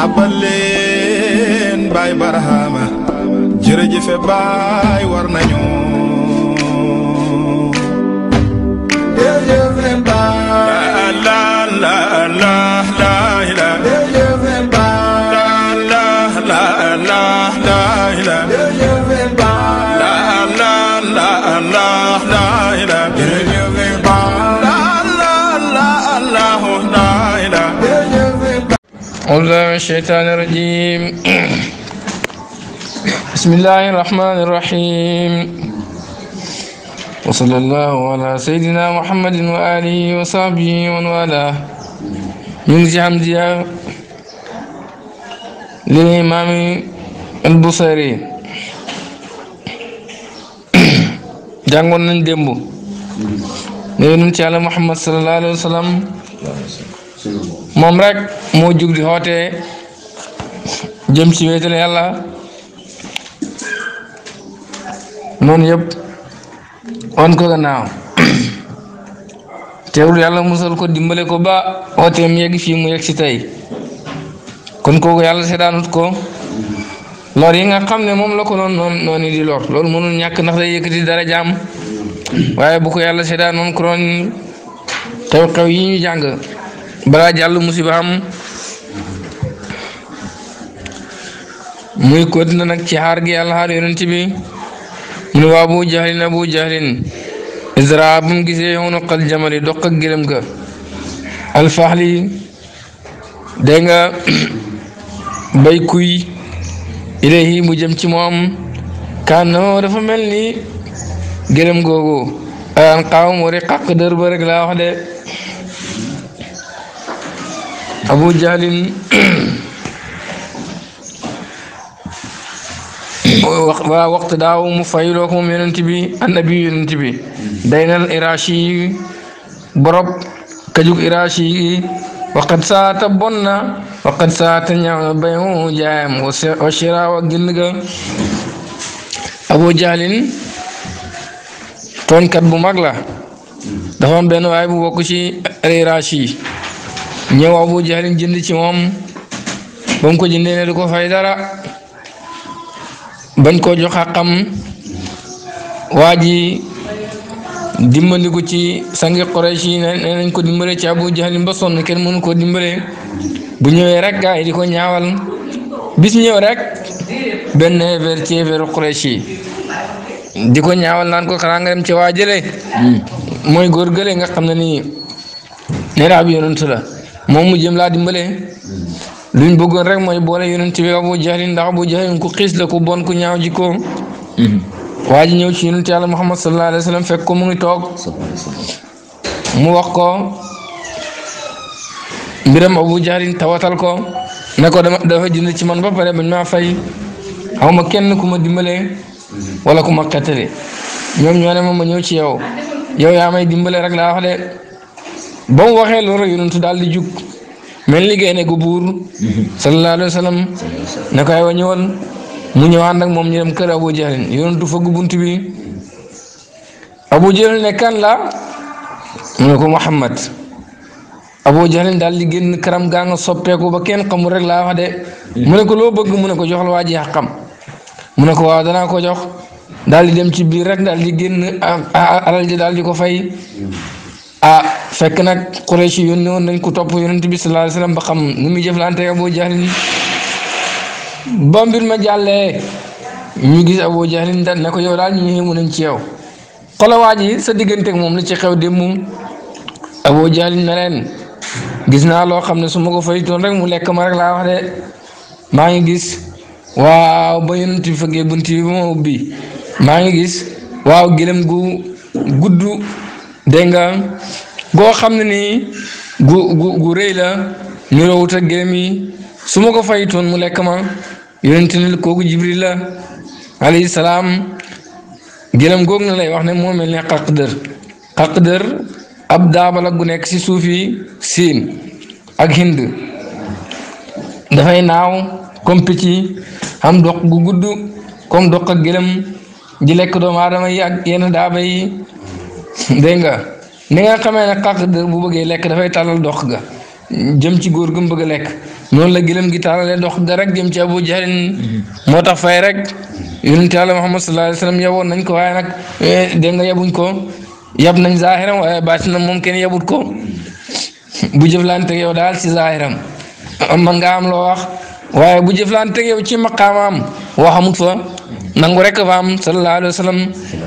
sabbal leen baay barahama jërëjëfe baay war nañu أعوذ من الشيطان الرجيم بسم الله الرحمن الرحيم وصلى الله على سيدنا محمد وآله وصحبه ومن والاه من حمدية للإمام البصيري جانغون نندمو نبي نمتي على محمد صلى الله عليه وسلم moom rek moo jug di xoote jëm ci wéetal yàlla noonu yëpp wan ko gannaaw teewul yàlla musal ko dimbale ko ba wooteem yegg fii mu yegg si tey kon kooku yàlla seetaanut ko lor yi nga xam ne moom la ko noonu noonu di lor loolu mënul ñàkk ndax day yëkkati dara jaam waaye bu ko yàlla seetaan noonu ko noonu xew-xew yi ñu jàng balaa jàll musiba am muy continué nag ci xaar gi yàlla xaar yonent bi mu ne waa Abu Jahlin Abu Jahlin isra bu mu gisee xunuqal jamali doq ak gëlëm ga alfaxli day bay kuy ilayhi mu ci moom kaan noo dafa mel ni gëlëm googu an xaawam wari xàq dër ba laa wax de Abu Jahlin waa waxtu daaw mu fayloo ko annabi yonent bi daynal iraashi yi borob kajug iraashi yi saata bon na waqad saata ñaaw na bayu jaayam wa shiraawa gënd ga Abu Jahlin tooñkat bu mag la dafa am benn bu bokk ci iraashi ñëw Abu Jahlin jënd ci moom ba mu ko jëndee ne du ko dara bañ koo jox xaqam waa ji dimbandiku ci sangi Quraysh ne nañ ko dimbale ci Abu Jahlin ba sonn kenn mënu koo dimbale bu ñëwee rek gaa yi di ko ñaawal bis ñëw rek benn hever ci heveru Quraysh yi di ko ñaawal naan ko xanaa nga dem ci waa jële hmm. mooy góor gële nga xam ne nii nee naa bi yonent moom mu jëm laa dimbale luñ bëggoon rek mooy boole yonent bi Abu Jahl ndax Abu Jahl ku xiis la ku bon ku ñaaw jikko waa ji ñëw ci yonent yàlla Muhammad sallallahu alayhi wa fekk ko mu ngi toog mu wax ko mbiram Abu Jahl tawatal ko ne ko dama dafa jënd ci man ba pare bañ maa fay xaw ma kenn ku ma dimbale wala ku ma xettale ñoom ñoo ne ma ma ñëw ci yow yow yaa may dimbale rek laa wax de ba waxe waxee loolu rek yonentu daal di juk mel ni gaynde gu buur sallallahu alaihi wasallam nakay ne won mu nak mom ñu dem kër Abu Jahl fa gu buntu bi Abu Jahl ne kan la ñu ko Muhammad Abu Jahl dal di genn karam ga nga ko ba ken xam rek la wax de mu ne ko lo bëgg mu ne ko joxal la xam mu ne ko wa dana ko jox dal di dem ci biir rek dal di genn alal ji dal di ko fay. ah fekk nag Quraysh yónni woon nañ ko topp yonent bi sallallahu alayhi wasallam ba xam nu muy jëflante Abu Jahlin ba mbir ma jàllee ñu gis Abu Jahlin daal ne ko daal ñu yéemu nañ ci yow xolowaa ji sa digganteeg moom la ci xew démb Abu Jahlin na leen gis naa loo xam ne su ma ko faytoon rek mu lekk ma rek laa wax de maa ngi gis waaw ba yonent bi bunt bi ba ma ubbi maa ngi gis waaw gëlëm gu gudd dégg goo xam ne ni gu gu gu rëy la niroowut ak yi suma ma ko fayitoon mu lekk ma yonente ne kooku jibril la alayhi salaam gërëm googu na lay wax ne moo mel ne xaqdër xaqdër ab daabala gu nekk si suufi siin ak hind dafay naaw comme picc am dox gu gudd comme dox ak gërëm di lekk doomu aadama yi yenn daaba dégg nga ni nga xamee ne xàq bu bëggee lekk dafay tàllal dox ga jëm ci góor gu mu bëgg a lekk noonu la gëlëm gi tàllalee dox ga rek jëm ci abu jahlin mm-hmm. moo tax fay rek yonent yàlla muhammad sallallahu alayhi wa sallam ko waaye nag eh, dégg nga yabuñ ko yab nañ zaahiram waaye baatin na moom kenn ko mm-hmm. bu jëflante yow daal ci zaahiram man nga am loo wax waaye bu jëflante yow ci maqaamaam waxamut fa mm-hmm. nangu rek fa am sallallahu alayhi wa sallam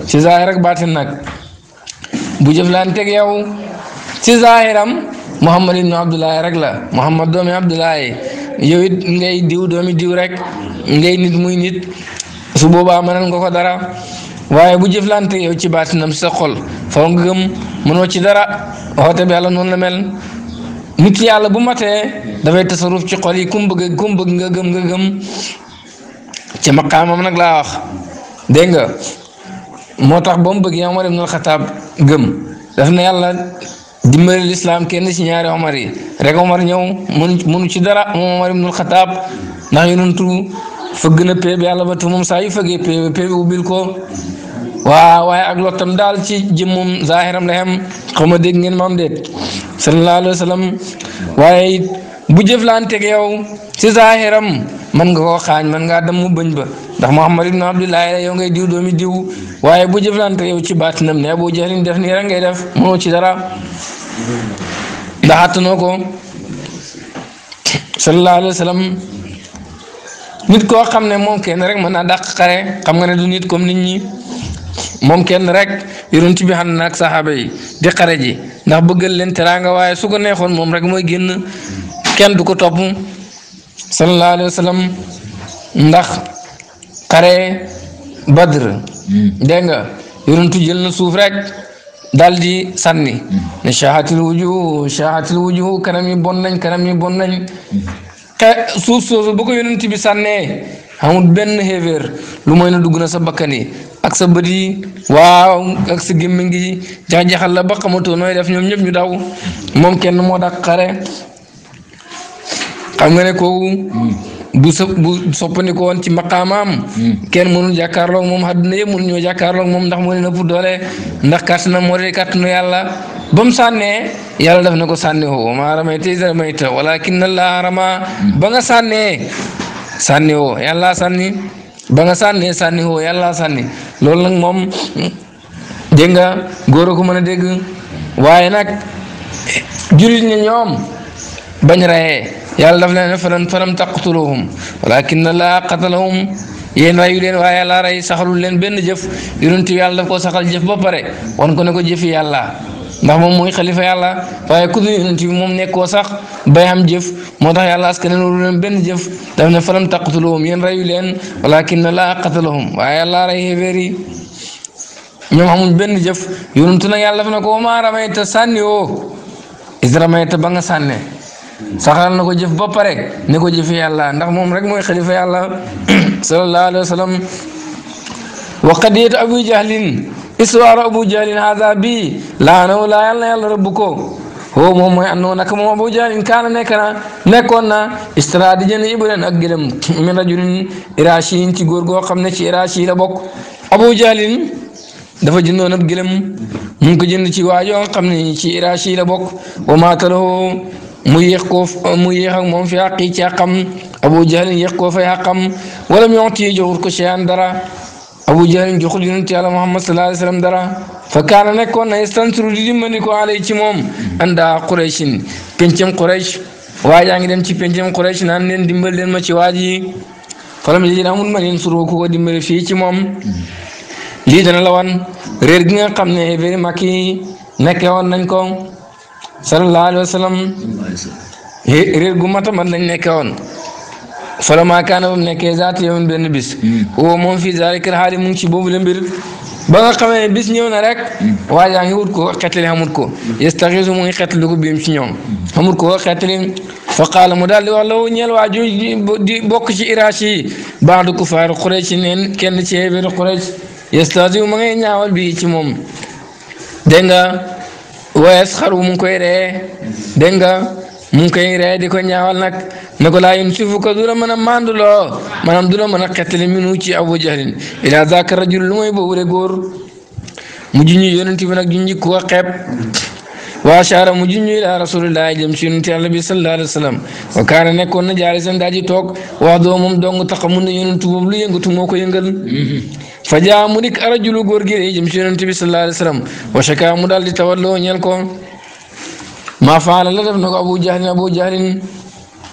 ci zaahir ak baatin nag bu jëflanteeg yow ci zaahiram Muhammad ibnu Abdullahi rek la Muhammad doomi Abdullahi yow it ngay diw doomi diw rekk ngay nit muy nit su boobaa mënal nga ko dara waaye bu jëflante yow ci baatinam sa xol foo nga gëm mënoo ci dara woote bi yàlla noonu la mel nit yàlla bu matee dafay tasaruf ci xol yi kum bëgg kum bëgg nga gëm nga gëm ci maqaamam nag laa wax dégg nga moo tax ba mu bëggee Omar ibn al-Khattab gëm daf ne yàlla dimbali lislaam kenn si ñaari Omar yi rek Omar ñëw ci dara moom Omar ibn al-Khattab ndax yonentu fëgg na péeb yàlla ba tu moom saa yu fëggee péeb péeb ubbil ko waaw waaye ak lottam daal ci jëmmum zaahiram la xam xaw ma dégg ngeen maam déet sallallahu waaye bu jëflanteeg yow ci zaahiram mën nga koo xaañ mën ngaa dem mu bëñ ba ndax Muhammad ibn Abdullahi la yow ngay diw doomi diw waaye bu jëflanteeg yow ci baatinam ne boo jëriñ def nii rek ngay def mënoo ci dara ndax attanoo ko sallallahu alayhi wa nit koo xam ne moom kenn rek mën naa dàq xare xam nga nit comme nit ñi moom kenn rek yonent bi xam na ak saxaaba yi di xare ji ndax bëggal leen teraanga waaye su ko neexoon moom rek mooy génn. kenn du ko topp sallallahu alayhi wa ndax xare badr dégg nga jël na suuf rek daldi di sànni ne shaahatil wujuh shaahatil wujuh kanam yi bon nañ kanam yi bon nañ suuf soosu bu ko yonent bi sànnee amul benn xéeféer lu moy na dugg na sa bakkan ak sa bët yi waaw ak sa gémmiñ gi jax-jaxal la ba xamatoo nooy def ñoom ñëpp ñu daw moom kenn moo dàq xare xam nga ne kooku bu so bu soppandi ko woon ci maqaamaam hmm. kenn mënul jàkkaarloog moom àdduna yëpp mënul ñoo jàkkaarloog moom ndax moo na ëpp doole ndax kàttanam moo dee kàttanu yàlla ba mu sànnee yàlla def na ko sànni woo maa ramayta iz ramayta walaakinna hmm. ba nga sànnee sànni woo sànni ba nga sànnee sànni woo yàlla sànni loolu nag moom dégg nga góor a ko mën a dégg waaye nag jullit ñoom bañ rayee yàlla daf leen falan falam taqtuluhum walakin laa qatalahum yéen rayu leen waaye yàlla rey saxalul leen benn jëf yonent bi yàlla daf koo saxal jëf ba pare wan ko ne ko jëfi yàlla ndax moom mooy xalifa yàlla waaye ku dul yonent bi moom nekkoo sax bay am jëf moo tax yàlla askan leen leen benn jëf daf ne falam taqtuluhum yéen rayu leen walakin laa qatalahum waaye yàlla rey xéeféer yi ñoom amuñ benn jëf yonent nag yàlla daf ne ko maa ramayta sànni woo is ramayta ba nga sànnee saxaral na ko jëf ba pare ne ko jëfi yàlla ndax moom rek mooy xalifa yàlla sallallahu alayhi wa sallam wa qadiyatu abu jahlin histoire abu jahlin hada bi laanawu laa yàlla na yàlla rëbb ko oo moom mooy àndoon nag moom abu jahlin kaana nekk na nekkoon na istara di jënd ibulan ak gëlëm min rajulin irashiin ci góor goo xam ne ci irashi la bokk abu jahlin dafa jëndoon ab gëlëm mu ngi ko jënd ci waajoo xam ne ci irashi la bokk wa maataloo mu yéex ko mu yéex ak moom fi àq yi ci àqam Abu Jahl yéex koo fay àqam wala mu yoxti joxul ko cheyaan dara Abu Jahl joxul yonent yàlla Muhammad sallallahu alayhi wa sallam dara fa kaana nekkoon na istansuru di dimbali ko alay ci moom ànda Qurayshin pencam Quraysh waa jaa ngi dem ci pencam Quraysh naan leen dimbal leen ma ci waa ji falam yajid amul man yansuru ku ko dimbali moom lii dana la wan réer gi nga xam ne évri makk yi nekk woon nañ ko صلى الله عليه وسلم رير غمت من لن نكون فلما كان من نكيزات يوم بن بس هو من في ذلك الحال من شبوب لمبر بغا خمي بس نيو نارك واجا نغي ورك قتل حمر كو يستغيث من قتل لو بيم سي نيوم حمر كو قتل فقال مدال والله نيل واجو دي بوك سي اراشي بعد كفار قريش نين كين سي بير قريش يستاذي من نياول بي سي موم دنگا waa xaru mu koy ree dégg nga mu ngi koy ree di ko ñaawal nag ne ko laa yun suufu ko du la mën a manduloo maanaam du la mën a xettali minu ci abu jahlin ila zaaka rajul lu mooy boobu de góor mu junñu yonent bi nag junñi ku ko xeeb wa ashara mu junñu ila rasulillahi jëm ci yonent yàlla bi sallallahu alayhi wa kaana nekkoon na jaalisan daa ji toog waa doo moom dong taxamun na yonent boobu lu yëngatu moo ko yëngal fa jaa mu dikk arajulu góor gi jëm ci yonent mu daal di tawalloo ñeel ko maa faala la def na ko abu jahlin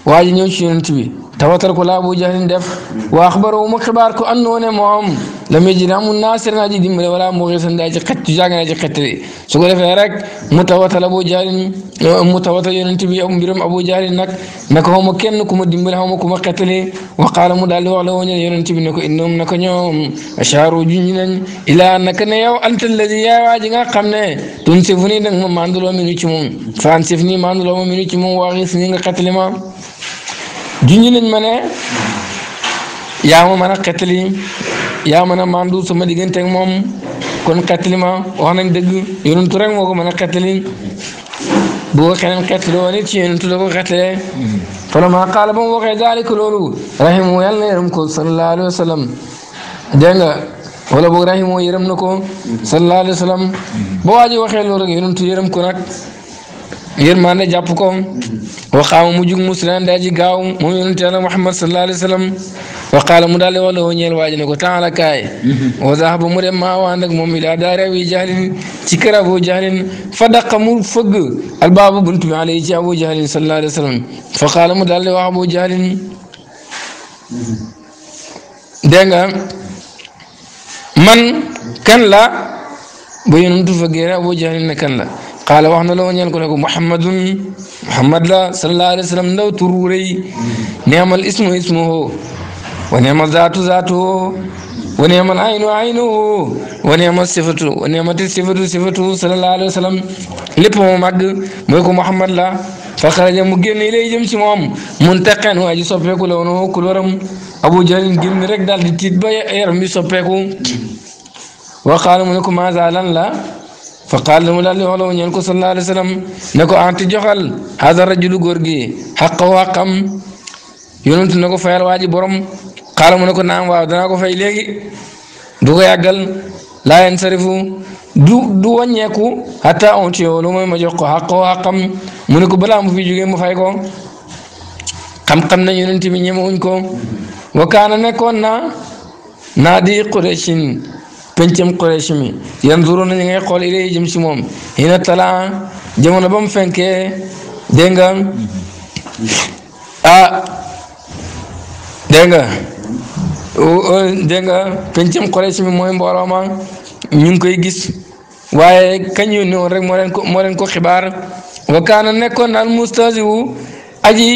waa ji ñëw ci yonent bi tawatal ko la Abu Jahlin def wa axbarahu mu xibaar ko annoo ne moom lam yajid amul naasiran aji dimbale wala muxiisan daa ci xëcc jàngalee ci xëcc bi su ko defee rek mu tawatal Abu Jahlin mu tawatal yonent bi mbirum Abu Jahlin nag ne ko xaw kenn ku ma dimbale xaw ma ku ma xettali wa qaala mu daal di wax la woon yonent bi ne ko innahum naka ñoom ashaaru junj nañ ilaa naka ne yow anta alladi yaay waa ji nga xam ne tun sif nii danga ma manduloo minu ci moom faan sif nii manduloo ma minu junj nañ ma ne yaa ma mën a xettali yaa mën a mandu sama diggante ak moom kon xettali ma wax nañ dëgg yonentu rek moo ko mën a xettali bu ko keneen xettali woon it ci yonentu la ko xettalee falammaa qaala ba mu waxee daalika loolu rahimu yàlla na yërëm ko sallallahu alayhi wa sallam dégg nga wala boog rahimu yërëm ko sallallahu alayhi wa ba waa ji waxee loolu rek ko nag yërmande jàpp ko waxaama mu jug musliman daa ji gaaw moom yonente Muhammad sallallahu alayhi wa mu daal di woo ñeel waaji ne ko taala kaay wa mu dem maa ci kër Abu Jahlin fa daqa mu fëgg Abu Jahlin sallallahu mu daal wax Abu Jahlin dégg man kan la ba yonentu fëggee Abu Jahlin ne kan la qaala wax na la woon ñeen ko ne ko muhammadun muhammad la sallallahu alayhi wa sallam ndaw turu rëy neemal ismu ismuhu wa neemal zaatu zaatuhu wa neemal aynu aynuhu wa neemal sifatu wa neemati sifatu sifatu sallallahu alayhi wa sallam lépp moo màgg mooy ko muhammad la fa xaraja mu génn ilay jëm ci moom muntaqan waa ji soppeeku la woon kulóoram abu jahlin génn rek daal di tiit ba yaram bi soppeeku wa qaala mu ne ko maaza lan la fa qaal na mu daal di la wu ñeen ko sallallahu alayhi wa sallam ne ko anti joxal hada rajulu góor gi xaqahu xaqam yonentu ko fayal waa ji borom xaala mu ne ko naam waaw ko fay léegi du ko yàggal laa yansarifu du du wàññeeku hatta on ci yow lu ma jox ko xaqahu mu ne ko balaa mu fi jógee mu fay ko xam-xam na yonent bi ñemewuñ ko wa kaana nekkoon na naa di quraysin pencam Quraysh mi yanzuruuna ñi ngay xool ilay jëm si moom hina talaa jamono ba mu fenkee dégg nga ah dégg nga oh, oh, dégg nga pencam Quraysh mi mooy mbooloo ma ñu ngi koy gis waaye kañ yónni rek moo leen ko moo leen ko xibaar wa kaana nekkoon al mustaziwu aji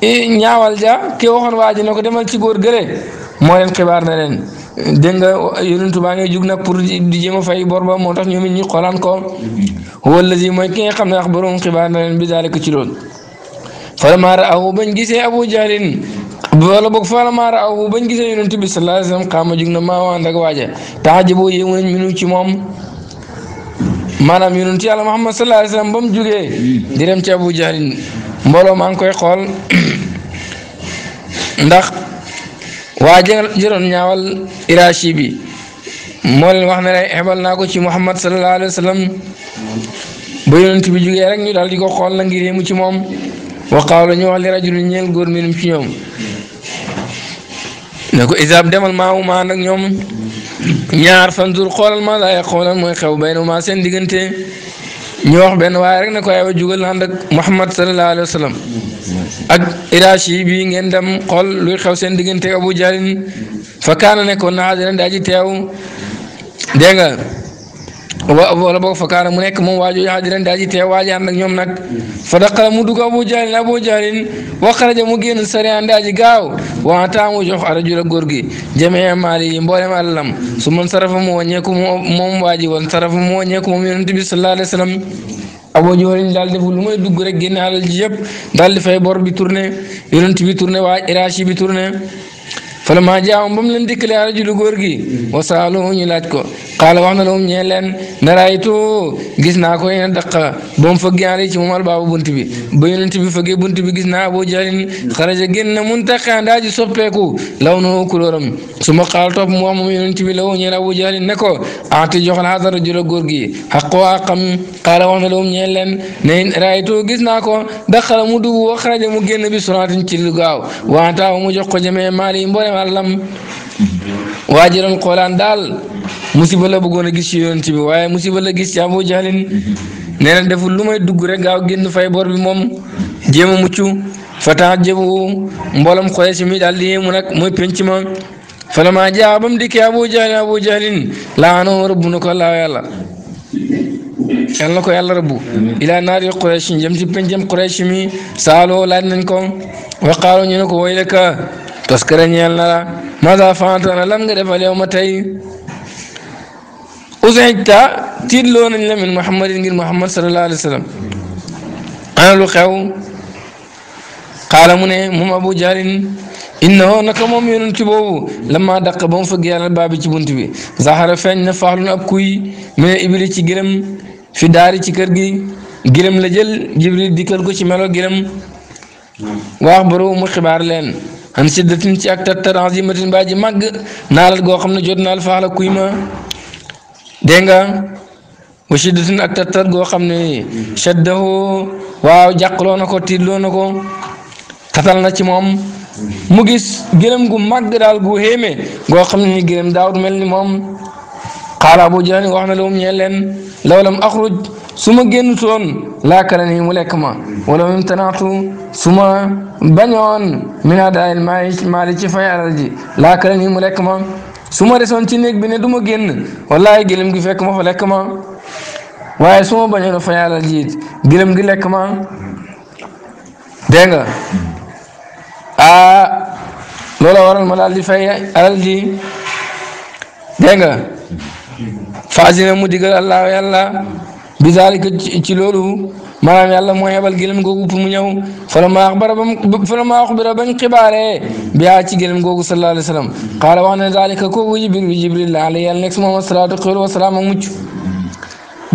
eh, ñaawal ja ki waxoon waa ji ne ko demal ci góor gële moo leen xibaar na leen dégg nga yonentu baa ngi jug nag pour di jéem a fay bor ba moo tax ñoom it ñu xoolaan ko wallazi mooy ki nga xam ne axbaroom xibaar na leen bi daalika ci loolu falammaa raahu bañ gisee abu jahlin wala boog falammaa raahu bañ gisee yonentu bi sallallahu alayhi wa sallam xaama jug na maa waan ak waaja taajaboo yéemu nañ minu ci moom maanaam yonentu yàlla muhammad sallallahu alayhi wa sallam ba mu jugee di dem ci abu jahlin mbooloo maa ngi koy xool ndax waa jëroon ñaawal iraashi bi moo leen wax na rek xebal naa ko ci muhammad sallallahu alayhi wa sallam ba yonent bi jugee rek ñu daal di ko xool la ngir yéemu ci moom waxaaw la ñu wax li rajul ñeel góor minum ci ñoom na ko isaab demal maamu maa nag ñoom ñaar fandur xoolal ma laay xoolal mooy xew baynuma seen diggante ñu wax benn waaye rek ne ko aywa jugal ànd ak Muhammad sallallahu alayhi wa ak iraashi bi ngeen dem xool luy xew seen diggante Abu Jahlin fa kaana nekkoon naa dina daaji teew dégg wala boog fa kaana mu nekk moom waa jooju xaadiran daa waaji ànd ñoom nag fa daqala mu dugg abu jaalin abu jaalin wa xaraja mu génn sariyaan daa ji gaaw waa taa mu jox arajula góor gi jamee maali yi mboolem àllam su man sarafa mu wàññeeku moom waa ji woon sarafa mu wàññeeku moom yonent bi sallallahu alayhi wa daal def lu may dugg rek génne alal ji yëpp daal di fay bor bi tourné iraashi bi tourné falammaa jaahum ba mu leen dikkalee rajulu góor gi wa saaluhu ñu laaj ko na lahum ñee leen naa ko yéen a daq ba mu fëggee ali ci bunt bi ba yonent bi fëggee bunt bi gis naa Abu Jahlin xaraja génn na muntaqian daa ji soppeeku law na kulóoram su ma qaal topp mu wax moom yonent bi law ñeel Abu Jahlin ne ko aati joxal haada góor gi xaqoo àqam qaala wax na lahum ñee leen gis naa ko daqala mu dugg wa xaraja mu génn bi suraatin ci lu gaaw wa antaahu mu jamee maali mboolem wàllam waajiran xoolaan daal musiba la bëggoon a gis ci yonent bi waaye musiba la gis ci Abu Jahlin nee na deful lu may dugg rek gaaw génn fay bor bi moom jéem a mucc fatan jëbu mboolom xoye si mi daal di yéemu nag mooy penc ma falamaa jaa bam dikkee Abu Jahlin Abu Jahlin laanoo rëbb na ko laaw yàlla yàlla na ko yàlla rëbbu ilaa naari Quraysh jëm ci pencam Quraysh mi saaloo laaj nañ ko waxaaroo ñu ne ko woy leka تذكرين يا الله ماذا فعلتنا لم نعرف اليوم تاي أزعجت تلون إلا من محمد إنجل محمد صلى الله عليه وسلم أنا لقاو قال مني مم أبو جار إنه نكم من تبو لما دق بون فجأة الباب تبون تبي ظهر فين نفعلون أبكي من إبليس جرم في داري تكرجي جرم لجل جبريل ديكل كوش ملو جرم نعم. واخبروا مخبار لين am siddatin ci ak tattar azimatin baa ji màgg naalat goo xam ne jot naal faala kuy ma dégg nga wa siddatin ak tattar goo xam ne shaddahu waaw jàqloo na ko tiitloo na ko tatal na ci moom mu gis gërëm gu màgg daal gu xéeme goo xam ne ni gërëm daawut mel ni moom qaala abu jahal wax na lu mu ñeel leen law lam axruj su ma génnutoon laakala nii mu lekk ma wala mu tanaatu su ma bañoon min adaayil maali ci fay alal ji laakala nii mu lekk ma su ma desoon ci néeg bi du ma génn wallaahi gëlëm gi fekk ma fa lekk ma waaye su ma bañoon fay alal ji gi lekk ma dégg nga ah loola waral ma daal fay alal ji faasina mu digal allah yàlla a ci loolu maa yàlla mooy yebal gëlëm googu pour mu ñëw falammaa axbara ba mu falammaa axbira bañ ci gëlëm googu sallallahu alayhi wa sallam qaala wax ne zaalika kooku jibril bi jibril la alayhi yàlla nekk si moom asalaatu xéwal wa salaam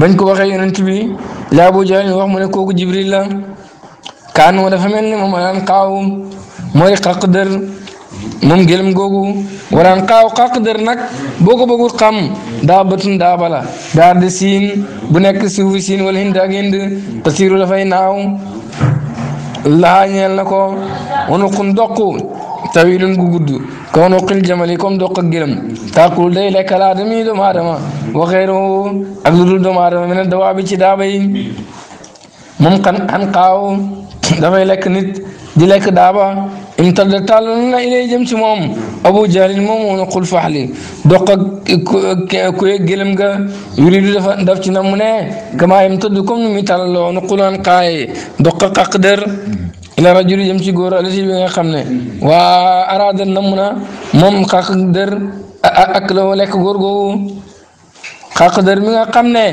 ak ko waxee la Abu Jahl wax mu ne kooku jibril la kaanu dafa ne moom anaan xaaw mooy xaq dër. moom gëlëm googu waraan xaaw xaqdër nag boo ko bëggul xam daa batun daar de siin bu nekk suufu siin wala hind ak hind tasiiru dafay naaw lahaa ñeel na ko wanuqun doq tawilun gu gudd ka wanuqil jamali comme doq ak gëlëm tàkkul day lekk laa dami doomu aadama waxeeroo ak lu dul doomu aadama mene dawaa bi ci daaba yi moom dafay lekk nit di lekk daaba in tal da tàllal na ilay jëm moom abu jahlin moom moo na xul faxli doq ak kuye ga nga yuridu daf ci na mu ne gamaayam tëdd comme nu muy tàllaloo na xulaan xaaye doq ak ak ila rajuli jëm ci góor alati bi nga xam ne waa araada na mu na moom xaq dër ak la lekk góor googu xaq dër mi nga xam ne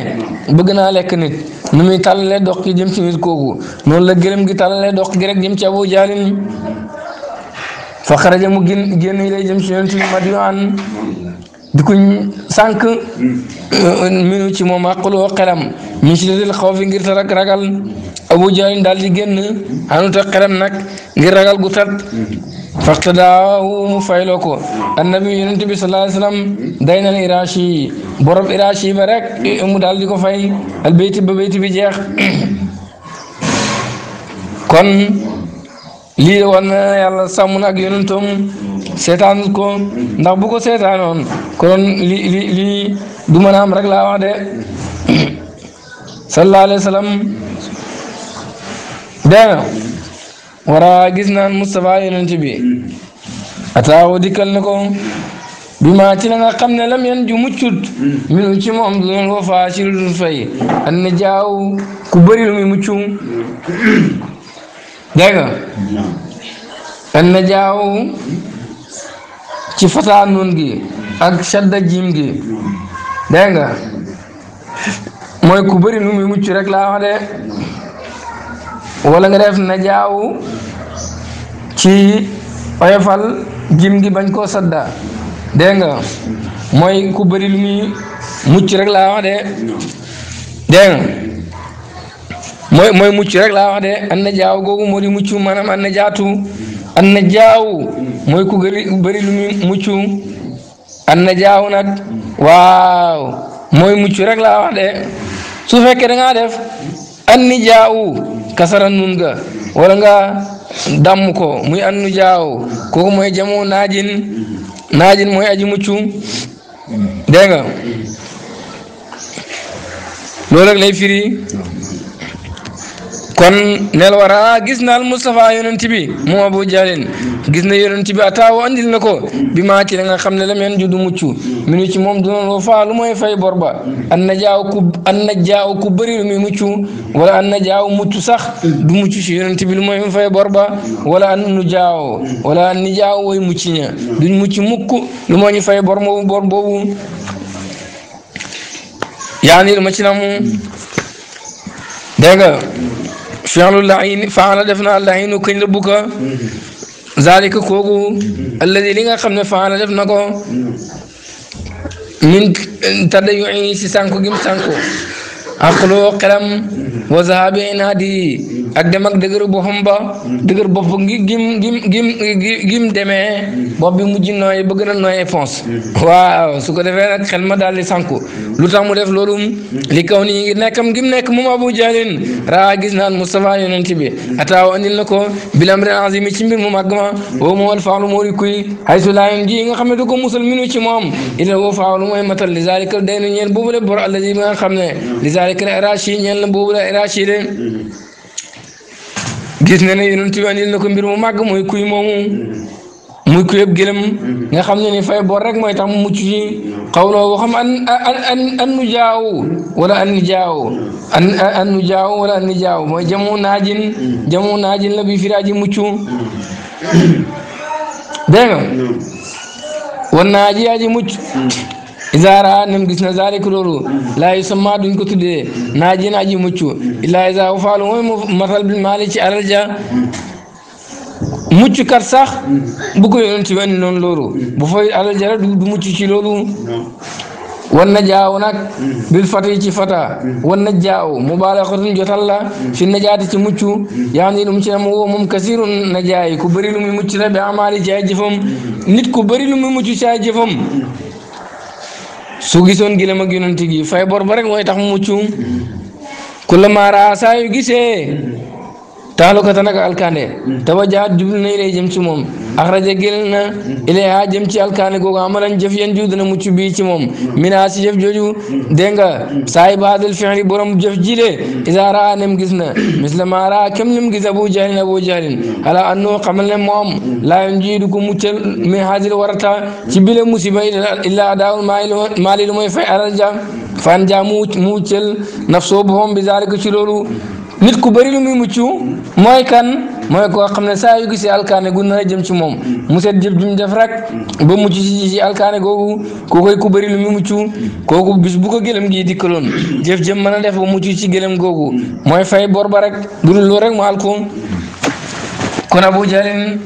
bëgg naa lekk nit nu muy tàllalee doq ki nit kooku noonu la gëlëm gi tàllalee doq gi rek jëm abu jahlin فخرج مجن جن إلى جمشون في مديان دكون سانك من وشمو ما قلوا قلم من شدة الخوف غير ترك رجال أبو جاين دالي جن أنا تكرم نك غير رجال قصد فقدعه فايلوكو النبي ينتبه صلى الله عليه وسلم دين الإراشي برب إراشي برك أم دالي كفاي البيت ببيت بيجاك كن lii war na yàlla sàmm na ak yonentam seetaan ko ndax bu ko seetaanoon kon li lii du mën a am rek laa wax de sallallahu alayhi wa sallam dégg nga wara gis naan Moustapha yonent bi ataawu dikkal na ko bi maa ci la nga xam ne lam yan ju muccut minu ci moom doon wafaa ci lu dul fay an na ku bëri lu muy muccu dégg nga an jaaw ci fataa gi ak shadda jiim gi dégg nga mooy ku bari lu muy mucc rek laa wax de wala nga def na jaaw ci oyofal jim gi bañ koo sadda dégg nga mooy ku bëri lu muy mucc rek laa wax de dégg mooy mooy mucc rek laa wax de an na jaaw googu moo di mucc maanaam an na jaatu an na jaaw mooy ku gëri bëri lu muy mucc an na jaaw nag waaw mooy mucc rek laa wax de su fekkee dangaa def an ni jaaw kasara nun ga wala nga damm ko muy an nu jaaw kooku mooy jamoo naajin naajin mooy aji mucc dégg nga loolu rek lay firi kon nel wara gis na al Mustafa yonent bi moom gis na yonent bi ataawo andil na ko bi maa ci la nga xam ne la meen ju du mucc minu ci moom du lu mooy fay bor ba an na na jaaw ku bëri lu muy mucc wala an mucc sax du mucc ci yonent bi lu mooy fay bor ba wala an nu jaaw wala an ni jaaw way mucc ña duñ mucc mukk lu moo ñu fay bor moobu bor boobu yaani lu ma ci namu dégg fi'lu layin faala def naa layinu kañ la buka zalika kooku alladi li nga xam ne faala def na ko min tadda yu ci sànku gim sànku aqloo xelam wa zahabi di ak dem ak dëgër boppam ba dëgër bopp gi gim gim gim gim demee bopp bi mujj nooy bëgg na nooy fonce waaw su ko defee nag xel ma daal di sànku lu tax mu def loolu li kaw nii ngi nekkam gim nekk moom Abu Jahlin raa gis naan Moustapha yonent bi ataaw andil na ko bilam ren azimi ci mbir mu màgg ma woo mu wal faalu moo di kuy xay su laayoon nga xam ne du ko musal minu ci moom ila woo faalu mooy matal li zalika day na ñeen boobule bor allazi bi nga malik ne arashi ñeel na boobu la arashi de gis na ne yonent bi andil na ko mbir mu màgg muy kuy moomu muy kuy yëpp gëlëm nga xam ne ni fay bor rek mooy tax mu mucc ci xawloo waxam an an an jaaw wala an jaaw an an jaaw wala an nu jaaw mooy jamu naajin jamu naajin la bi firaaji mucc dégg nga hmm. wan naaji yaa mucc isaara nem gis na zalik loolu laa yu sama ko tuddee naa ji naa illaa isa u faalu mooy mu masal bil maali ci alal ja mucc kat sax bu ko yonent bi andi loolu bu fay alal ja du mucc ci loolu wan na jaaw nag bil fati ci fata wan na jaaw mubaalaxatun jotal la fi najaati ci mucc yaa mu ci ne lu muy mucc amaali ci ay jëfam nit ku bëri lu muy mucc ci ay jëfam su gisoon gilam ak yonent gi fay bor ba rek mooy tax mu mucc ku la maaraa saa yu taalu ka tanaka alkaane tawajaat jublu na ilay jëm ci moom axraja génn na ilayha jëm ci alkaane googu amalan jëf yan ju dana mucc bii ci moom mina si jëf jooju dégg nga saahib hadal fi'li borom jëf ji de idaa raa nem na misla ma raa kem nem gis abu jahlin abu jahlin ala annu xamal ne moom laa yon ji du ko muccal min hadil warata ci bile musiba illaa daawul maali lu mooy fay alal fan ja mu muccal nafsoo boppam bi zaalika ci loolu nit ku bëri lu muy mucc mooy kan mooy koo xam ne saa yu gisee alkaane gu nar jëm ci moom mu set jëf jum def rek ba mucc ci ci alkaane googu ku bëri lu mucc kooku bis bu ko gëlëm gii dikkaloon jëf jëm mën def ba mucc ci gëlëm googu mooy fay bor ba rek du dul loo rek mu alko kon Abu Jalin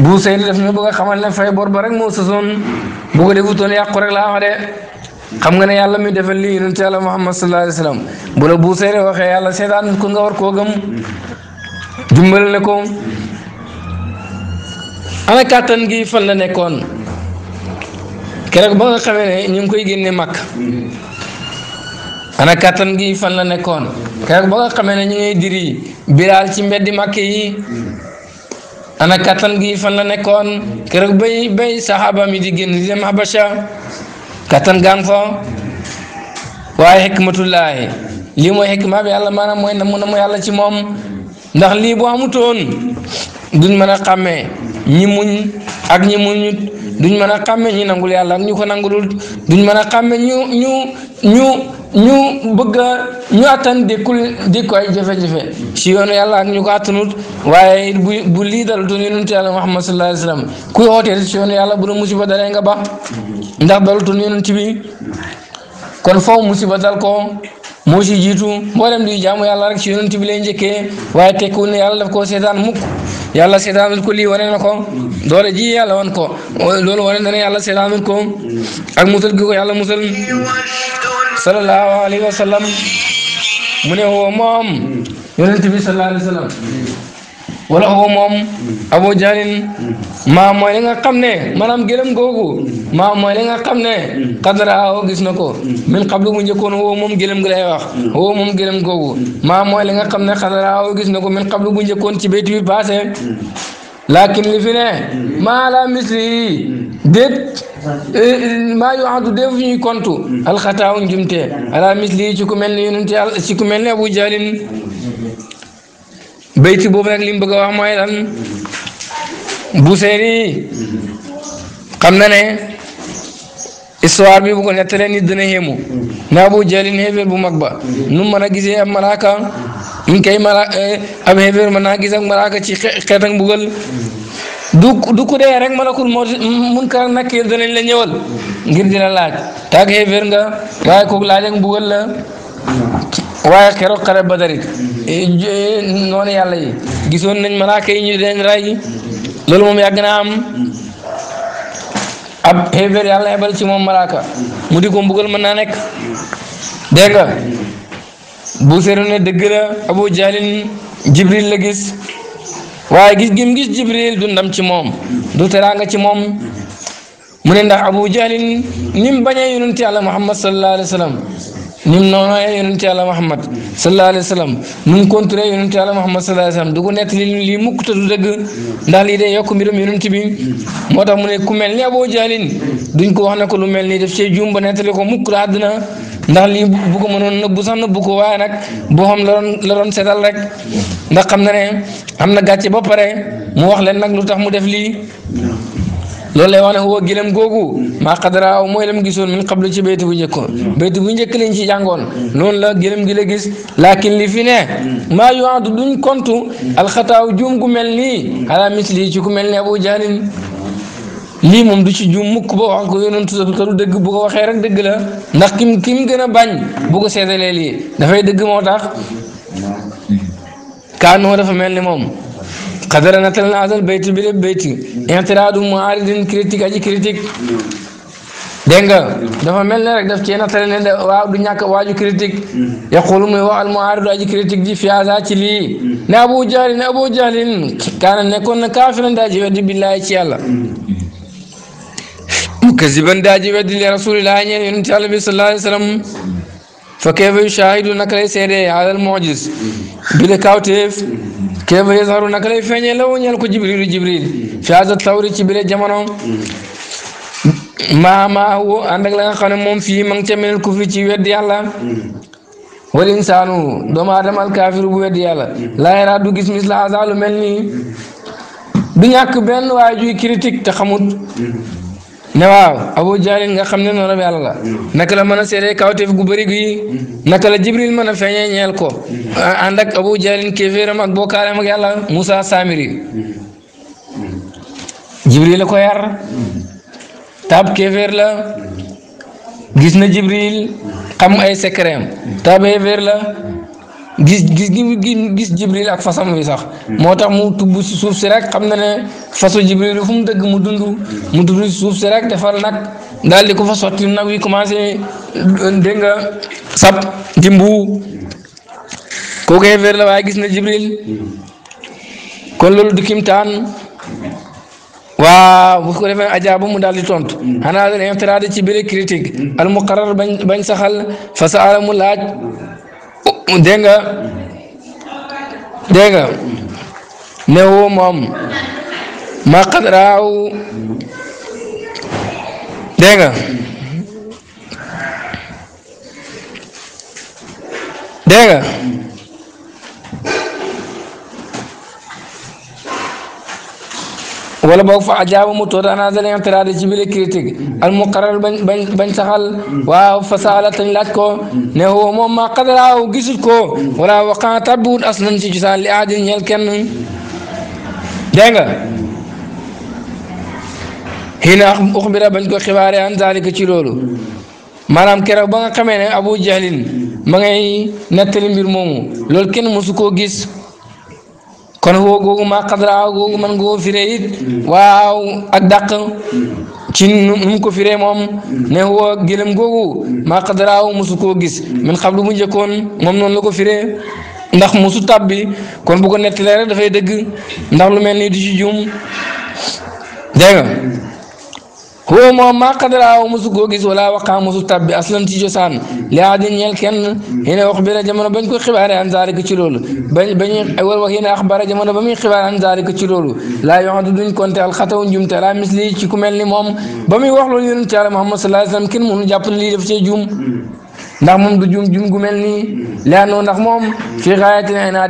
bu sey def ñu bëgg a xamal ne fay bor ba rek moo sësoon bu ko defutoon yàqu rek laa wax de xam nga ne yàlla mi defal lii yonent yàlla Muhammad sallallahu alayhi wa sallam bu la buuseere waxee yàlla seetaan ko nga war koo gëm dimbale ne ko ana kàttan gi fan la nekkoon keroog ba nga ne ñu ngi koy génne màkk ana kàttan gi fan la nekkoon keroog ba nga xamee ne ñu ngay diri biraal ci mbeddi màkk yi ana kàttan gi fan la nekkoon keroog bay bay saxaaba mi di génn di dem Habasha kattan gang fa waaye xikmatullaahi lii mooy xikma bi yàlla maanaam mooy namu namu yàlla ci moom ndax lii bu amutoon duñ mën a xàmmee ñi muñ ak ñi muñut duñ mën a xàmme ñu nangul yàlla ak ñu ko nangulul duñ mën a xàmme ñu ñu ñu ñu bëgg ñu attan dékkul dékku ay jafe-jafe si yoonu yàlla ak ñu ko attanut waaye bu bu lii dalutoon yonent yàlla Muhammad sallallahu alayhi wasallam kuy xootee si yàlla bu la musiba dalee nga ba ndax dalutoon yonent bi kon foofu musiba dal ko moo si jiitu mboolem duy jaamu yàlla rek si yonent bi lay njëkkee waaye tekkiwul ne yàlla daf koo seetaan mukk yàlla seetaanul ko lii wane na ko doole ji yàlla wan ko loolu wane na ne yàlla ko ak musal gi ko yàlla musal sallallahu alayhi wa sallam mu ne woo moom yonent bi sallallahu alayhi wala xoo moom Abu Jahlin maa mooy nga xam ne maanaam gëlëm googu maa mooy li nga xam ne xadara oo gis na ko min xablu mu njëkkoon woo moom gëlëm gi lay wax woo moom gëlëm googu maa mooy li nga xam ne xadara oo gis na ko min xablu bu njëkkoon ci béytu bi passé laakin li fi ne maa la misli eh, maa yu àddu def ñuy kontu alxataaw njumte ala misli ci ku mel ni yonente mel ni Abu Jahlin béyti boobu nag li mu bëgg a wax mooy lan Buseyri xam na ne histoire bi bu ko nettalee nit dina yéemu naa bu jëlin xeefeer bu mag ba nu mën a gisee am malaaka ñu koy mala am xeefeer mën naa gis ak malaaka ci xeet ak mbugal du du ku dee rek malakul moo mun kar nakir danañ la ñëwal ngir di la laaj taag xeefeer nga waaye kooku laaj ak mbugal la waaye keroog xare badari eh, eh, noonu yàlla gisoon nañ malaaka yi ñu leen ray loolu moom yàgg naa am ab xéeféer yàlla ci moom malaaka mu di ko mbugal mën naa nekk dégg nga bu seeru ne dëgg la abu jaalin jibril la gis waaye gis gim gis jibril du ndam ci moom du teraanga ci moom mu ne ndax abu jaalin nim bañee yonent yàlla muhammad sallallahu mu wa sallam ni mu noonee yonent yàlla Muhammad sallallahu alayhi wa sallam mu wa sallam du ko nekk lii mukk te du dëgg ndax lii day yokk mbirum yonent bi moo tax mu ne ku mel ni Abu Jaalin duñ ko wax ne ko lu mel nii daf cee juum ba nettali ko mukk la àddina ndax bu ko mënoon nëbbu sax nëbbu ko waaye nag boo xam la doon la rek ndax xam na ne am na gàcce ba pare mu wax leen nag lu tax mu def lii loolu lay wax ne huwa gilem googu maa xadaraaw mooy lam gisoon min la ci baytu bu njëkkoon baytu bu njëkk lañ ci jàngoon noonu la gilem gi la gis laakin li fi ne maa yuwaatu duñ alxataaw juum gu mel nii ala mel ni abu jahlin lii moom du ci juum mukk ba wax ko yónent te du dëgg bu ko waxee rek dëgg la ndax kim kim gën a bañ bu ko seetalee lii dafay dëgg moo tax kaanoo dafa mel ni moom xadara natal na asal bayti bi lépp bayti intiraadu muaaridin critique aji critique dégg dafa mel ne rek daf cee natal ne waaw du ñàkk waaju critique yaqulu muy wax aji critique ji fiasa ci lii ne abu jahlin ne abu jahlin kaana nekkoon na kaafiran daa ji weddi billaahi ci yàlla kaziban daa فكيف يشاهد نكلي سيري هذا المعجز بلا كاوتيف كيف يظهر نكلي فين لو يلكو جبريل جبريل في هذا الثوري بلا جمانو ما ما هو عندك لا خن موم في من من الكفر تي ود يالا والانسان دوما دم الكافر بو ود يالا لا يرى دو غيس مثل هذا لو ملني du ñàkk benn waaye juy ne waaw Abu Jaalin nga xam ne noonu yàlla la naka la mën a seede kawteef gu bari gi naka la Jibril mën a feeñee ñeel ko ànd ak Abu Jaalin kéeféeram ak bokkaaram ak yàlla Moussa Samiri Jibril la ko yar taab kéeféer la gis na Jibril xam ay secret taab kéeféer la. gis gis gi gis jibril ak façon wi sax hmm. moo tax mu tubb si suuf si rek xam na ne façon jibril fu mu dëgg mu dund hmm. mu tudd si suuf si rek defar nag daal di ko fa sotti nag wi commencé dégg nga sab ci mbuu hmm. kooku féer la waaye gis na jibril kon loolu du kimtaan waaw bu ko defee ajaabu mu daal di tontu xanaa al intirade ci biir critique al muqarrar bañ bañ saxal fa alamu laaj dégg nga dégg nga ne woo moom ma qad raaw dégg wala boog fa ajaaba mu tóor ana dana intérêt ci biir critique al muqarrar bañ bañ saxal waaw fa saala tañ laaj ko ne woo moom maa qadaraaw gisul ko wala waqaa tabbuwut aslan ci cosaan li aadin ñeel kenn dégg nga xiina uxbira ko xibaare an zalika ci loolu maanaam keroog ba nga xamee abu jahlin ma ngay nettali mbir moomu loolu kenn mosu gis kon woo googu maa xadraa googu man ngoo firee it waaw ak dàq ci nu mu ko firee moom ne woo gëlëm googu maa xadraa mosu koo gis man xam lu mu njëkkoon moom noonu la ko firee ndax mosu tab bi kon bu ko nettalee dafay dëgg ndax lu mel ni du ci juum nga هو ما ما قدر أو مسكو جيس ولا وقع مسك تاب أصلا تيجو سان لا أدين يل كن هنا أخبر جمنا بنكو خبر عن ذلك تلول بن بن أول وهنا أخبر جمنا بمن خبر عن ذلك تلول لا يعددون كنت الخطأ ونجم تلا مثل كم لمهم بمن وحلو يوم تعالى محمد صلى الله عليه وسلم كن من جابن لي في جوم ndax moom du jum jum gu mel nii leer ndax moom fi xaayatina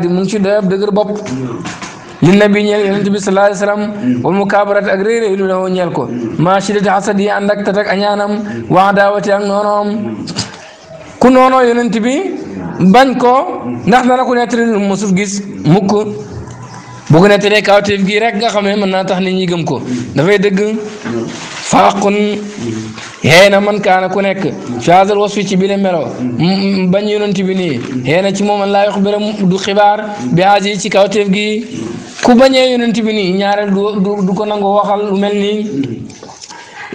li nabi ñeel yonent bi sallallahu alayhi wa sallam wal mukaabarat ak rëy rëy lu la ko maa shiddati xasad yi ànd ak tatak añaanam wax daawati ak noonoom ku noonoo yonent bi bañ ko ndax dana ko nettali lu mosul gis mukk bu ko nettalee kawteef gii rek nga xam ne mën naa tax ni ñi gëm ko dafay dëgg faaqun xëy na man kaana ku nekk fi haadal wasfi ci bi melo m-m-m, bañ yonent bi nii xëy na ci moom laa yox bira du xibaar bi haaj yi ci kawteef gi ku bañee yonent bi nii ñaareel du ko nangu waxal lu mel nii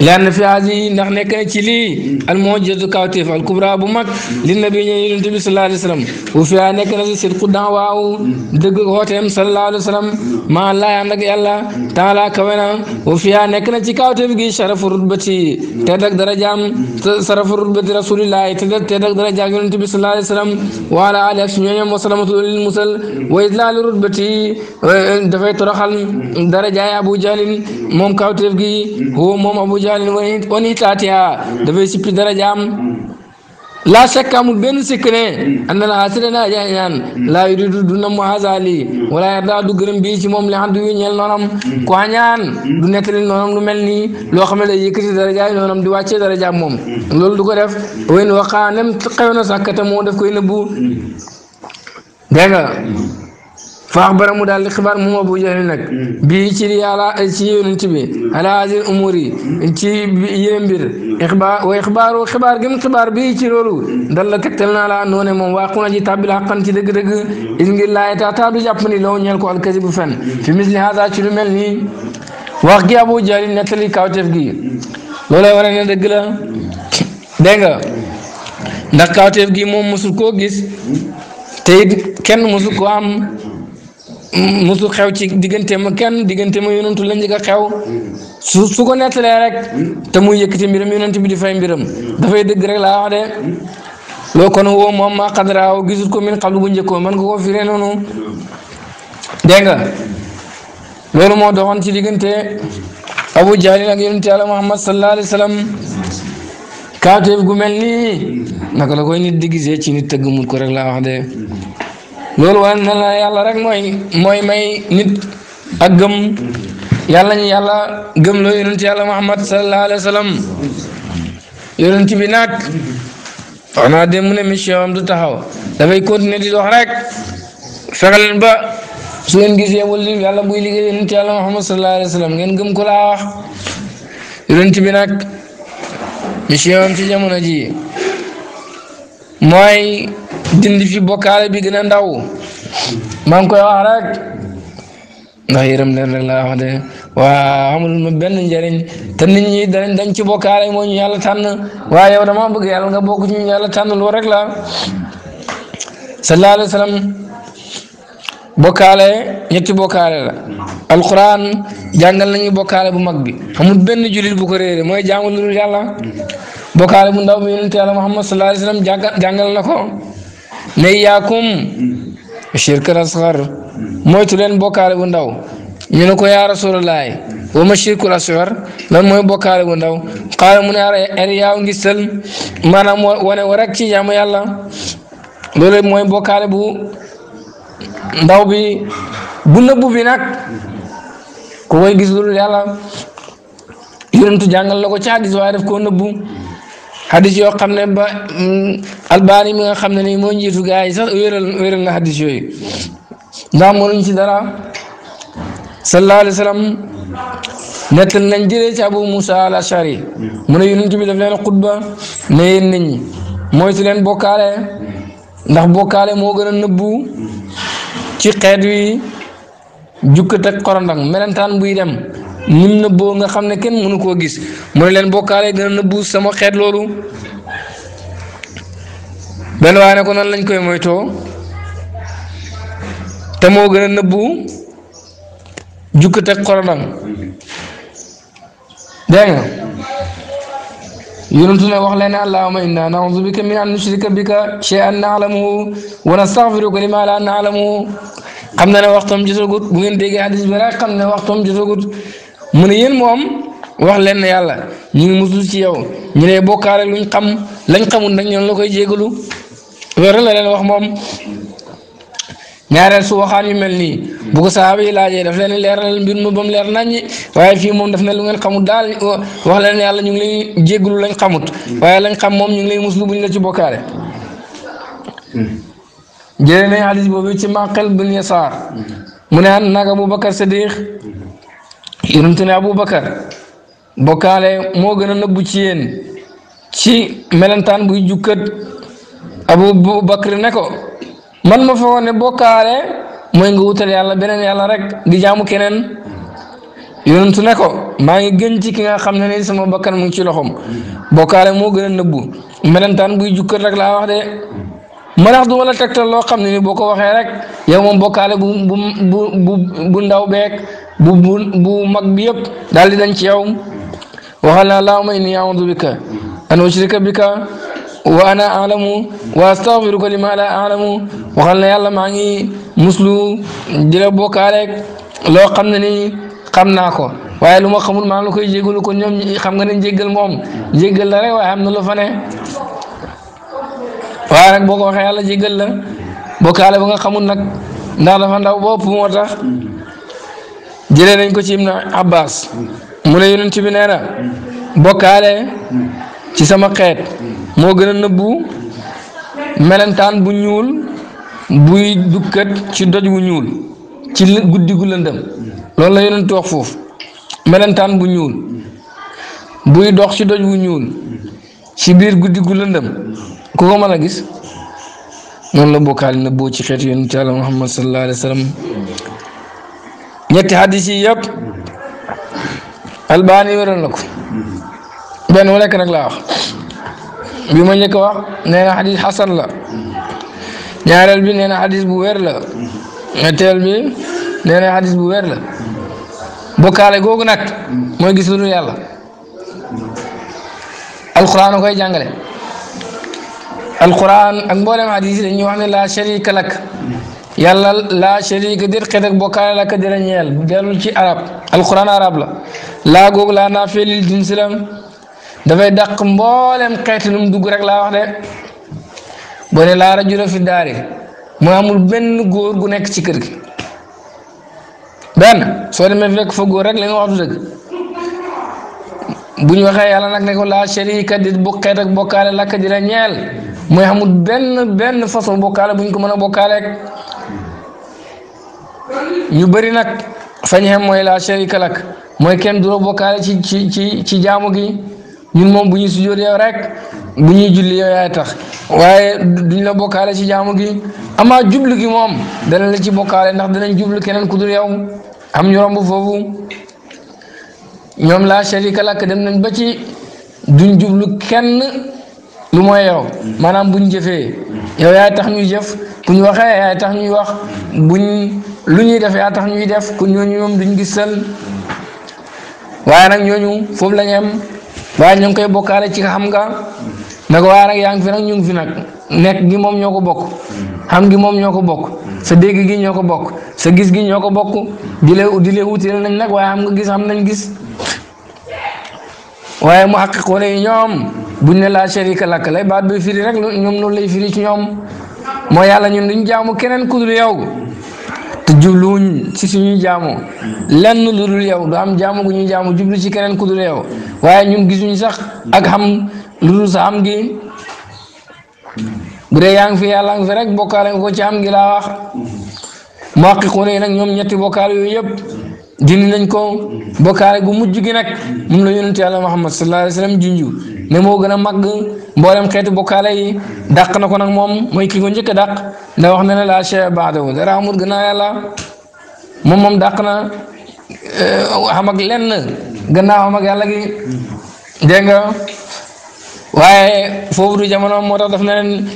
lenn fi haasi ndax nekk na ci lii al mu'jizatu kawtéef al kubra bu mag li nabi ñu yonent bi sallallahu alayhi wa sallam bu fiyaa nekk na si sidqu dan waaw dëgg xooteem sallallahu alayhi wa sallam maa laa ànd ak yàlla taala kawe na bu fiyaa nekk na ci kawtéef gi sharafu rutbati tedd ak darajaam sharafu rutbati rasulillahi tedd ak darajaam yonent bi sallallahu alayhi wa sallam wa ala ali ak si ñooñam wa salamatu lil musal wa idlaali rutbati eh, dafay toroxal darajaay abu jahlin moom kawtéef gi huwa moom abu darajatin wa nitaatiha dafay sippi darajaam laa sekk amul benn sikk ne an na naa sida naa jaay ñaan laa yuridu du na mu azali wala yarda du gërëm bii ci moom li xam du ñeel noonam ku ñaan du nettali noonam lu mel nii loo xam ne day yëkkati darajaay noonam di wàccee darajaam moom loolu du ko def wen waxaa nem xew na sàkkata moo def koy nëbbu dégg nga faax bara mu daal di xibaar moom Abu Jahal nag hmm. bii ci yàlla ci yonent bi ala hasil umur yi hmm. ci yéen mbir hmm. xibaar xibaar gëm xibaar bii ci loolu dal la tegtal naa laa noone moom waa xuna ji tàbbil xaqan ci dëgg-dëgg is ngir laay taataa loo ñeel ko alkasi bu fen fi misli hada ci lu mel nii wax gi Abu Jahal gi looloo wane ne dëgg la dégg nga gi moom mosul ko gis te it kenn mosul koo am musu xew ci digganteem ak kenn digganteem ak yonantu la njëkk a xew su su ko nettalee rek te muy yëkkati mbiram yonant bi di fay mbiram dafay dëgg rek laa wax de loo kon woo moom maa xadraaw gisul ko min xablu bu njëkkoo man nga koo firee noonu dégg nga loolu ci diggante Abu Jahlin ak yonantu yàlla Muhammad sallallahu alayhi wa sallam kaateef gu mel nii naka la koy nit di gisee ci nit tëgg mun ko rek laa lool wane na la yàlla rek mooy mooy may nit ak gëm yàlla ñu yàlla gëm loo yonent yàlla Muhammad sallallahu alayhi wa sallam bi nag wax naa dem mu ne mission am du taxaw dafay continuer di dox rek fexe leen ba su ngeen gisee wala yàlla buy liggéey yonent yàlla Muhammad sallallahu alayhi wa sallam ngeen gëm ko laa wax yonent bi nag mission am ci jamono ji mooy dindi fi bokkaale bi gën a ndaw maa ngi koy wax rek ndax yërëm leen rek wax de waaw amul ma benn njëriñ te nit ñi dañ dañ ci bokkaale moo ñu yàlla tànn waaye yow dama bëgg yàlla nga bokk ci ñu yàlla tànn loolu rek la sallallahu alayhi wa bokkaale ñetti bokkaale la alquran jàngal nañu bokkaale bu mag bi amul benn jullit bu ko réere mooy jaamu lu dul yàlla bokkaale bu ndaw bi yonent yàlla muhammad sallallahu alayhi wa jàngal na ko ne yaakum shirk asgar moytu leen bokkaale bu ndaw ñu ne ko yaa rasulallahi wa ma shirkul asgar lan mooy bokkaale bu ndaw xaala mu ne ar yaaw ngi sël maanaam wane wa ci jaamu yàlla loolu mooy bokkaale bu ndaw bi bu nëbbu bi nag ku koy gis lu yàlla yonentu jàngal na ko ci hadis waaye daf koo nëbbu hadis yoo xam ne ba mm, albaani mi nga xam ne nii mooy njiitu gars yi sax wéeral wéeral na hadis yooyu ndax mënuñ ci dara sallallahu alayhi wa sallam nettal nañ jëlee ci abu musa al ashari mu ne yonent bi daf leen xutba ne yéen nit ñi leen bokkaale ndax bokkaale moo gën a nëbbu ci xeet wi jukkat ak xorondang melentaan buy dem nim nëbboo nga xam ne kenn mënu koo gis mu ne leen bokkaale gën a nëbbu sama xeet loolu benn waa ne ko nan lañ koy moytoo te moo gën a nëbbu jukkat ak xorondang يونسنا وخلنا اللهم انا نعوذ بك من ان نشرك بك شيئا نعلمه ونستغفرك لما لا نعلمه خمنا وقتهم جزوغوت بوين ديغي حديث بلا خمنا وقتهم جزوغوت من يين موم وخلنا يالا ني موسو سي ياو ني لي بوكار لوني خم لاني خمون نك نون لاكاي جيغلو ورا لا لين وخ ñaareel su waxaan yu mel nii bu ko saxaaba yi laajee daf leen leeralal mbir mu ba leer nañ waaye fii moom daf ne lu ngeen xamut daal wax leen yàlla ñu ngi lay jégglu lañ xamut waaye lañ xam moom ñu ngi lay muslu ñu la ci bokkaale jëlee nañ xadis boobu ci maqel bin yasaar mu ne an nag aboubacar sadiq yonente ne aboubacar bokkaale moo gën a nëbbu ci yéen ci melentaan buy jukkat aboubacar ne ko man ma foogoon ne bokkaale mooy nga wutal yàlla beneen yàlla rek di jaamu keneen yoon su ko maa ngi gën ci ki nga xam ne ni sama bakkan mu ngi ci loxoom bokkaale moo gën a nëbbu melentaan buy jukkal rek laa wax de ma nax la tegtal loo xam ne ni boo ko waxee rek yow moom bokkaale bu bu bu bu ndaw beek bu bu bu mag bi yëpp daal di dañ ci yow waxal naa laa may ni a'uudu bika an ushrika bika wa ana alamu wa astaghfiruka lima la alamu waxal na yàlla maa ngi muslu di la loo xam ne ni xam naa ko waaye lu ma xamul maa ngi la koy jégalu ko ñoom xam nga ne jéggal moom jéggal la rek waaye am na lu fa waaye nag boo ko waxee yàlla jéggal la bokkaale ba nga xamul nag ndax dafa ndaw bopp moo tax jëlee nañ ko ci Ibn Abbas mu ne yonent bi nee bokkaale ci sama xeet moo gën a nëbbu melentaan bu ñuul buy dukkat ci doj wu ñuul ci guddi gu lëndëm loolu la yonent wax foofu melentaan bu ñuul buy dox ci doj wu ñuul ci biir guddi gu lëndëm ku ko mën a gis noonu la bokkaali na boo ci xeet yonent yàlla muhammad sallallahu alayhi wa sallam ñetti hadis yi yëpp albaani wéral na ko ben wu nekk nag laa wax bi ma njëkk wax neena hadith hasan la ñaaral bi neena hadith bu wér la ñetteel bi neena hadith bu wér la bokkaale gogu nak moy gis lu dul yàlla alquran a koy jàngale alquran ak mboolem xadis yi dañuy wax ne laa sharika lak yàlla laa sharika dir xet ak bokkaale lak dira ñeel dellu ci arab alquran arab la laa googu laa naa fee dafay dàq mboolem xeeti lu mu dugg rek laa wax de boo ne laa rajula fi daari mu amul benn góor gu nekk ci kër gi benn soo demee fekk fa góor rek li nga wax waxee yàlla nag ne ko laa sharika dit bu xeet ak bokkaale lakk di la ñeel mooy amul benn benn façon bokkaale bu ñu ko mën a bokkaale ñu bëri nag fañ xam mooy laa sharika lak mooy kenn du bokkaale ci ci ci jaamu gi. ñun moom bu ñuy sujjóot yow rek bu ñuy julli yow yaay tax waaye duñ la bokkaale ci jaamu gi amaa jublu gi moom dana la ci bokkaale ndax danañ jublu keneen ku dul yow am ñu romb ñoom laa sharika dem nañ ba ci duñ jublu kenn lu mooy yow maanaam buñ jëfee yow yaay tax ñuy jëf buñ waxee yaay tax ñuy wax buñ lu ñuy def yaay tax ñuy def ku ñooñu ñoom duñ gisal waaye nag ñooñu foofu la ñu waaye ñu ngi koy bokkaale ci xam nga ne ko waaye nag yaa ngi fi nag ñu fi nag nekk gi moom ñoo ko bokk xam gi moom ñoo ko bokk sa dégg gi ñoo ko bokk sa gis gi ñoo ko bokk di leen di leen wutile nañ nag waaye xam nga gis xam nañ gis waaye mu xaqiqoon yi ñoom buñ ne laa sharika lak lay baat bi firi rek ñoom loolu lay firi ci ñoom moo yàlla ñun duñ jaamu keneen ku yow te jubluwuñ si suñuy jaamu lenn lu dul yow du am jaamu gu ñuy jaamu jublu ci keneen ku dul yow waaye ñun gisuñ sax ak xam lu sax sa xam gi bu yaa ngi fi yàlla ngi fi rek bokkaale nga ko ci am gi laa wax muhaqiquuna yi nag ñoom ñetti bokkaale yooyu yëpp dindi nañ ko bokkaale gu mujj gi nag moom la yonent yàlla Muhammad sallallahu alayhi wa sallam junju ne moo gën a màgg mboolem xeetu bokkaale yi dàq na ko nag moom mooy ki ko njëkk daq dàq ndax wax na ne laa chey baadahu dara amul gannaaw yàlla moom moom dàq na eh, xam ak lenn gannaaw xam yàlla gi dégg nga waaye foofu du jamono moo tax daf na leen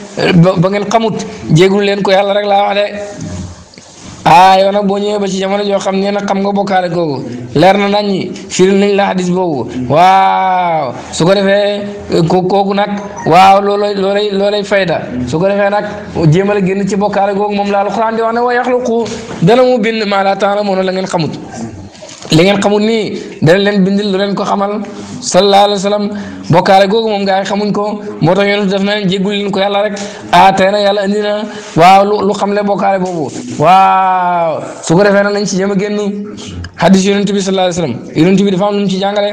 ba ngeen xamut jéegul leen ko yàlla rek laa wax de ah yow nag boo ñëwee ba ci jamono joo xam ne nag xam nga bokkaale googu leer na nañ ñi firil la hadis boobu waaw su ko defee eh, kooku nag waaw loolay loolay loolay fayda su ko defee nag jéemal a génn ci bokkaale googu moom la alquran di wax ne wa yaxluqu dana mu bind maa laa ta'lamuuna la ngeen xamut. li ngeen xamul nii dana leen bindil lu leen ko xamal sallallahu alayhi wa sallam bokkaale googu moom gaa yi xamuñ ko moo tax yoona def na leen jéggul ko yàlla rek ah, yàlla indi na waaw lu xamle bokkaale boobu waaw su ko defee nag nañ ci jëm a génn hadis yonent bi sallallahu alayhi wa sallam yonent bi dafa am lu jàngale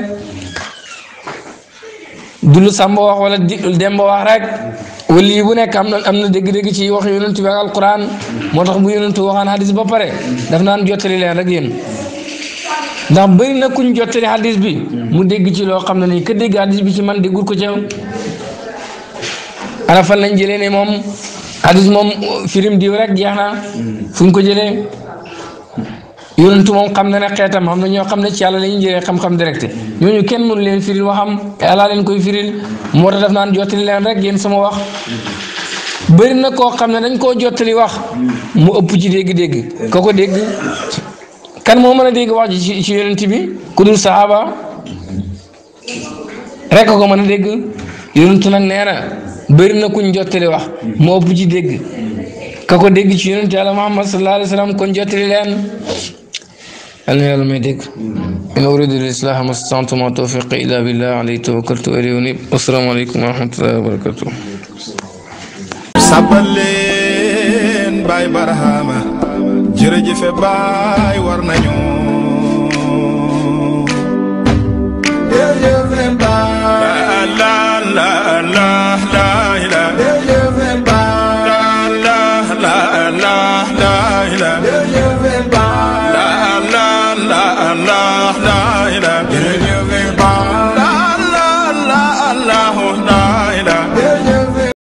dul sàmba wax wala demba wax rek wala yi bu nekk am na am na dégg-dégg ci wax yonent bi ak alquran moo tax bu yonent waxaan hadis ba pare daf naan jottali leen rek yéen ndax bëri na kuñ jottali hadis bi mu dégg ci loo xam ne nii ka dégg hadis bi ci man déggul ko ca ana fan lañ jëlee ne moom hadis moom firim diw rek jeex na fu ñu ko jëlee yonentu moom xam na ne xeetam xam na ñoo xam ne ci yàlla la ñuy jëlee xam-xam direct ñooñu kenn mënu leen firil waxam yàlla leen koy firil moo tax daf naan jottali leen rek yéen sama wax bëri na koo xam ne dañ koo jottali wax mu ëpp ci dégg-dégg ka ko dégg kan moo mën a dégg wax ji ci yonent bi ku dul saxaaba rek ko mën a dégg yonent nag nee na na kuñ jottali wax moo ëpp ci dégg ka ko dégg ci yonent yàlla Muhammad sallallahu alayhi wa sallam kon jottali leen yàlla na yàlla may dégg in uridu al-islaha ma ma tawfiqi illa billah alayhi tawakkaltu wa ilayhi unib assalamu jërëjëfe baay war nañu